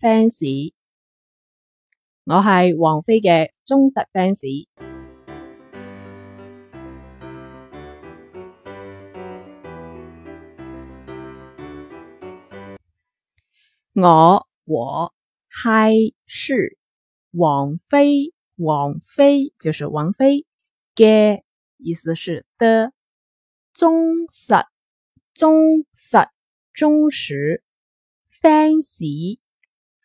fans，我係王菲嘅忠實 fans。我我係是王菲，王菲就是王菲嘅意思，是的忠實、忠實、忠實 fans。fans。